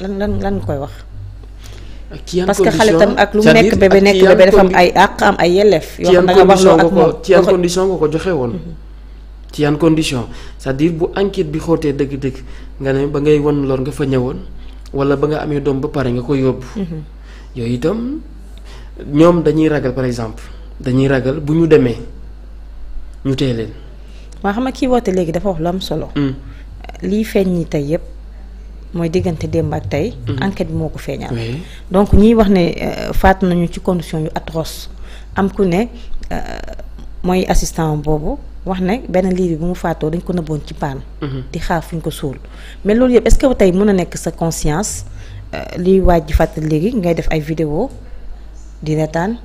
lan lan lan koy wax. parce que xale tam ak lu mu nekk bébé nekk bébé dafa am ay àq am ay yelleef. yoo xam da nga wax loo ak moom ci yan condition nga ko joxe woon. Mhm. ci yan condition cest diir bu enquête bi xootee dëgg-dëgg nga ne ba ngay won lor nga fa ñëwoon wala ba nga amee doom ba pare nga ko yóbbu. Mhm. yooyu itam ñoom dañuy ragal par exemple dañuy ragal bu ñu demee ñu tee leen. waa xam nga kii woote léegi dafa wax lu am solo. Hmm. lii feeñ ñi tey yëpp. mooy diggante démb ak tey. Mhm. enquête bi moo ko feeñal. donc ñiy wax ne euh, faatu nañu ci condition yu atroce am ku ne euh, mooy assistant boobu wax ne benn liir bi bu mu faatoo dañ ko nëbboon ci paan. Mhm. di xaar fuñ ko suul mais loolu yëpp est-ce que tey mun a nekk sa conscience euh, liy waaj ji fàttali léegi ngay def ay vidéo di retaan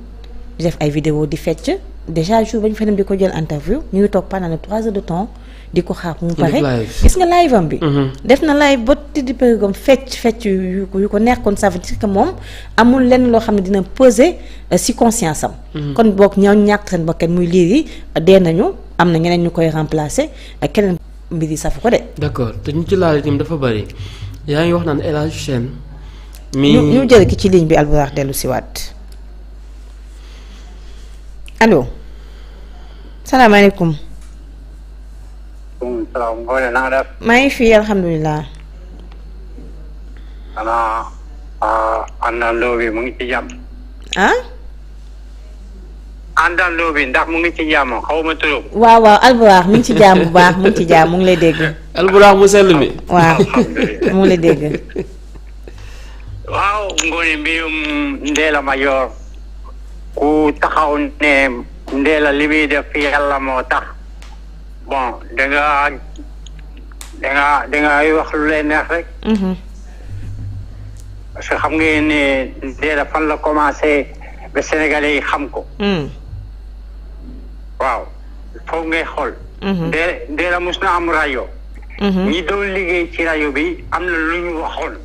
di def ay vidéo di fecc déjà jour ba ñu fa dem di ko jël interview ñu ngi toog pendant trois heures de temps. di ko xaar mu pare gis nga live am bi mm-hmm. def na live ba tiddi périgom fecc fecc yu yu ko neex kon ça veut dire que moom amul lenn loo xam ne dina peser euh, si conscience am mm-hmm. kon boog ñaaw ñàkk seen bakkan muy liir yi dee nañu am na ñeneen ñu koy remplacer keneen mbir yi safu ko de d'accord te ñu ci laal itam dafa bari yaa ngi wax naan El Hadj Sène mi ñu jël ki ci ligne bi Albourakh dellu si waat allo salaamaaleykum salaam ngoone na nga ngi fi alhamdulilah. xanaa àndandoo bi mu ngi ci jàmm. ah. àndandoo bi ndax mu ngi ci jàmm xaw ma turam. waaw waaw alburaax mi ngi ci jàmm bu baax mu ngi ci jàmm mu ngi lay dégg. alburaax mu sell mi. waaw mu ngi lay dégg. waaw ngoone mbirum Ndella Madior ku taxaw ne Ndella li muy def yàlla moo tax. bon da ngaa da ngaa da wax lu lay neex rek. Mm-hmm. parce que xam nga ne dee fan la commencé ba sénégalais yi xam ko. Mm. waaw foog ngay xool. Mm-hmm. dee dee na am rajo. Mm-hmm. ñi doon liggéey ci rajo bi am na lu ñu waxoon.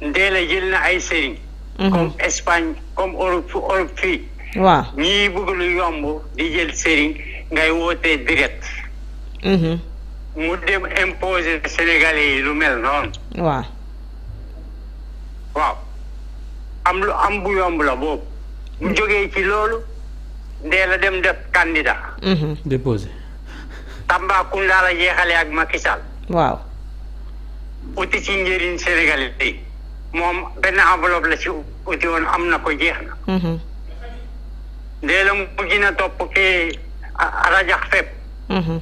dee jël na ay sëriñ. comme Espagne comme Europe Europe fii. waaw ñii bëgg lu yomb di jël sëriñ. ngay wootee direct. Mhm. mu dem imposer Sénégalais yi lu mel noonu. waaw. waaw am lu am bu yomb la boobu. mu jógee ci loolu. ndee la dem def candidat. Mhm. déposé. Tambacounda la jeexale ak Macky waaw. uti ci njëriñ Sénégalais yi. moom benn enveloppe la ci uti woon am na ko jeex na. ndee mhm. la mu gën a topp kii. a rajax fépp mm-hmm.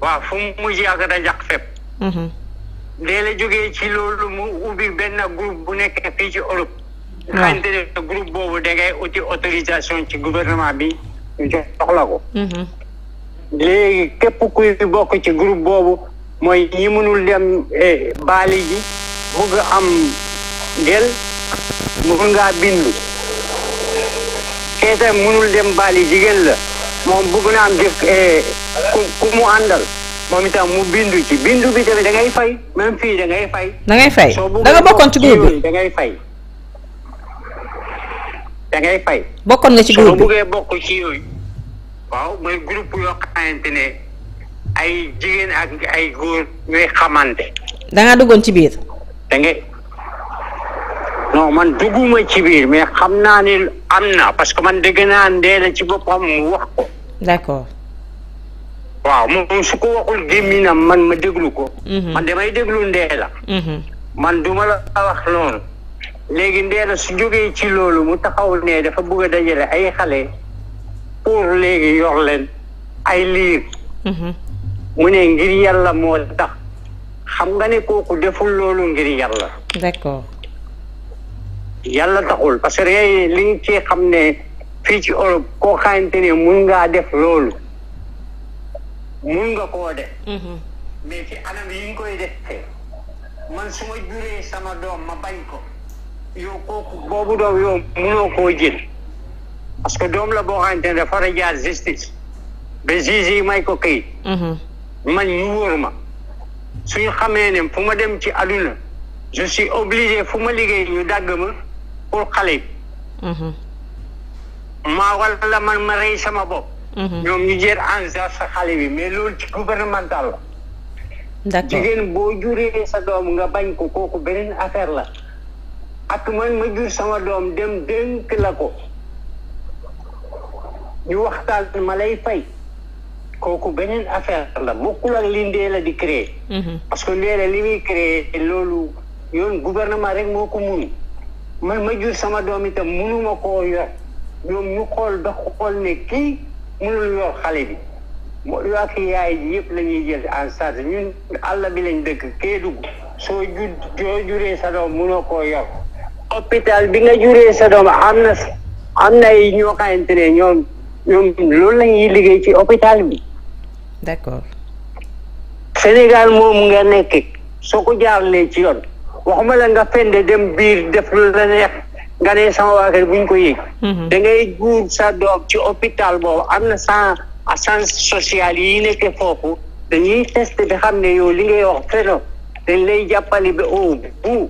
waaw fu mu mujjee ak rajax fépp mm-hmm. dee la jógee ci loolu mu ubbi benn groupe bu nekk fii ci Europe groupe boobu da uti autorisation ci gouvernement bi jox la mm-hmm. léegi képp kuy bokk ci groupe boobu mooy ñi mënul dem eh, baali ji bëgg am gel mun ngaa bindu keetam mënul dem baali jigéen la moom bëgg na am jëf eh, ku ku mu àndal moom itam mu bindu ci bindu bi tamit da ngay fay même fii da ngay fay. dangay fay da nga bokkoon ci groupe bi da ngay fay. da ngay bokkoon nga ci groupe bi soo bëggee bokk ci yooyu. waaw mooy groupe yoo xamante ne ay jigéen ak ay góor xamante. da ngaa ci biir. da ngay man dugguma ci biir mais xam naa ni am na parce que man dégg naa ndee la ci boppam mu wax ko. d'accord. waaw moom su ko waxul gémminam man ma déglu ko. Mhm. man damay déglu Ndéla. Mhm. man du ma la wax noonu. léegi Ndéla su jógee ci loolu mu taxawul ne dafa bëgg a dajale ay xale pour léegi yor leen ay liir. Mhm. mu ne ngir yàlla moo tax xam nga ne kooku deful loolu ngir yàlla. d'accord. yàlla taxul parce que li nga cee xam ne. fii ci Europe koo xamante ne mun ngaa def loolu mun nga koo def mhm. mais ci anam yi nga koy defee man su ma juree sama doom ma bañ ko yow kooku boobu doom yow munoo koo jël parce que doom la boo xamante ne dafa rajaar justice ba juge yi may ko kayit mhm. man ñu wóor ma suñu xamee ne fu ma dem ci àdduna je suis obligé fu ma liggéey ñu dàgg ma pour xale maa wala man ma rey sama bopp. Mhm. ñoom ñu jël en sa xale bi mais loolu ci gouvernemental la. d'accord jigéen boo juree sa doom nga bañ ko kooku beneen affaire la ak man ma jur sama doom dem dénk la ko ñu waxtaan ma lay fay kooku beneen affaire la bokkul ak li ndee la di créer mhm. parce que ndee la li muy créer loolu yoon gouvernement rek moo ko mun man ma jur sama doom itam munuma koo yor ñoom ñu xool ba xool ne kii mënul yor xale bi moo ak yaay ji yëpp la jël en charge ñun àll bi lañ dëkk kee dugg soo jud soo juree sa doom mënoo koo yor hôpital bi nga juree sa doom am na am na ñoo xamante ne ñoom ñoom loolu la liggéey ci hôpital bi d'accord Sénégal moom nga nekk soo ko jaarlee ci yoon waxuma la nga fende dem biir def la neex nga ne sama waa buñ ko yëg mhm. da guur sa doom ci hôpital boobu am na sans san sociale yi nekk foofu dañuy test bi xam ne yow li ngay wax feno dañ lay jàppale ba au bout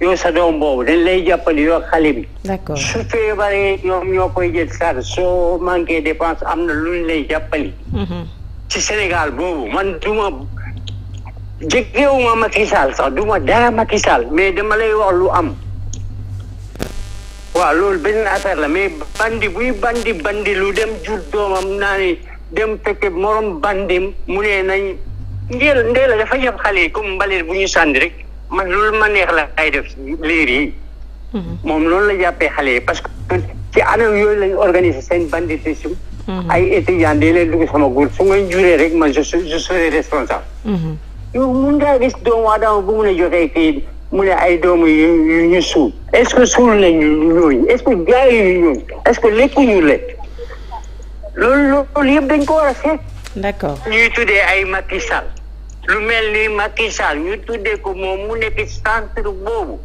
yow sa doom boobu dañ lay jàppale xale bi d'accord su feebaree ñoom ñoo koy jël sar soo manqué dépense am na luñ lay jàppale mhm. ci Sénégal boobu man duma jegewuma Macky sax duma dara Macky mais dama lay wax lu am waaw loolu beneen affaire la mais bandi buy bandi bandi lu dem jur doomam naa ne dem fekke morom bandim mu ne nañ ndeel ndeel la dafa xale yi comme mbalit bu ñu sànni rek man ma neex la ay def liir yi mhm. moom loolu la jàppee xale yi parce que ci anam yooyu lañ organiser seen banditisme mhm. ay étudiants day leen dugg sama góor su ngay juree rek man je suis je serai responsable mhm. yow mun ngaa gis doomu aadama bu mun a jotee kii mu ne ay doomu yu ñu suul est-ce que suul nañu ñooñu est-ce que jaayuñu ñooñu lekkuñu lekk loolu loolu yëpp dañ ko war a seet. d'accord ñuy tuddee ay Macky lu mel ni makisal ñu tuddee ko moom mu nekk centre boobu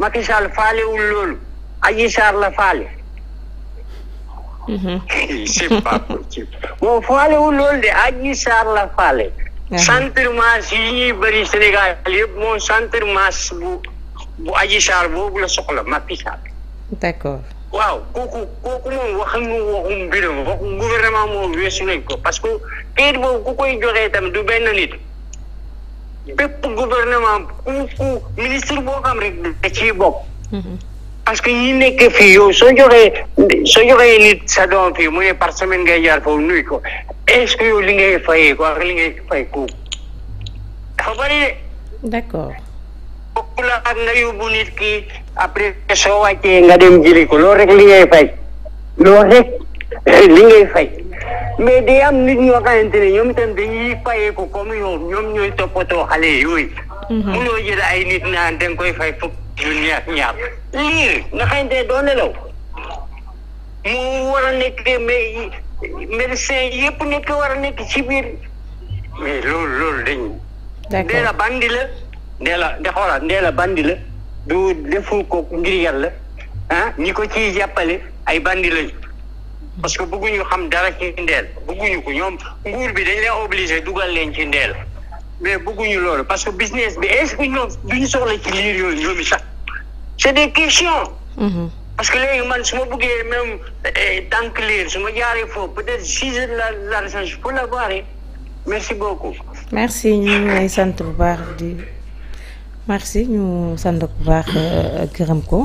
Macky Sall faalewul loolu Adji Sarr la faale. Mhm. moom faalewul loolu de Adji Sarr la faale. centre masse yi ñuy bëri Sénégal yëpp moom centre masse bu bu Adji Sarr boobu la soxla Macky Sall. d'accord. waaw kooku kooku moom wax nga waxum mbiram wax gouvernement moom weesu nañ ko parce que kayit boobu ku koy joxee tamit du benn nit. bépp gouvernement ku ku ministre boo xam rek da ciy bokk. Mhm. parce que ñi nekk fii yow soo joxee soo joxee nit sa doom fii mu ne par semaine ngay jaar foofu nuyu ko est yow li ngay fayee ko li ngay fay kooku dafa bëri de. d'accord. kooku nga dem jëli ko loolu rek li ngay fay loolu rek li ngay fay mais day am nit ñoo xamante ne ñoom itam dañuy fayee ko comme yow ñoom ñooy toppatoo xale yooyu. mënoo mhm. jël ay nit naan da nga koy fay fukk. ñu ñaar lii nga xam ne doo nelaw mu war a nekk de mais médecin yëpp nekk war a nekk ci biir mais loolu loolu dañ. d'accord Ndéla bandi la. Ndéla de xoolal la du deful ko ngir yàlla ah ñi ko ciy jàppale ay bandi lañ parce que bëgguñu xam dara ci ndeel bëgguñu ko ñoom nguur bi dañ leen obligé dugal leen ci ndeel mais bëgguñu loolu parce que business bi est-ce que soxla ci liir yooyu ñoom sax. c'est des questions. Mm-hmm. parce que léegi man su ma bëggee même eh, tànk liir su ma jaaree foofu peut-être six heures la la recherche pour la voir merci beaucoup. merci ñu ngi lay sant bu baax di merci ñu sant bu baax euh, gërëm ko.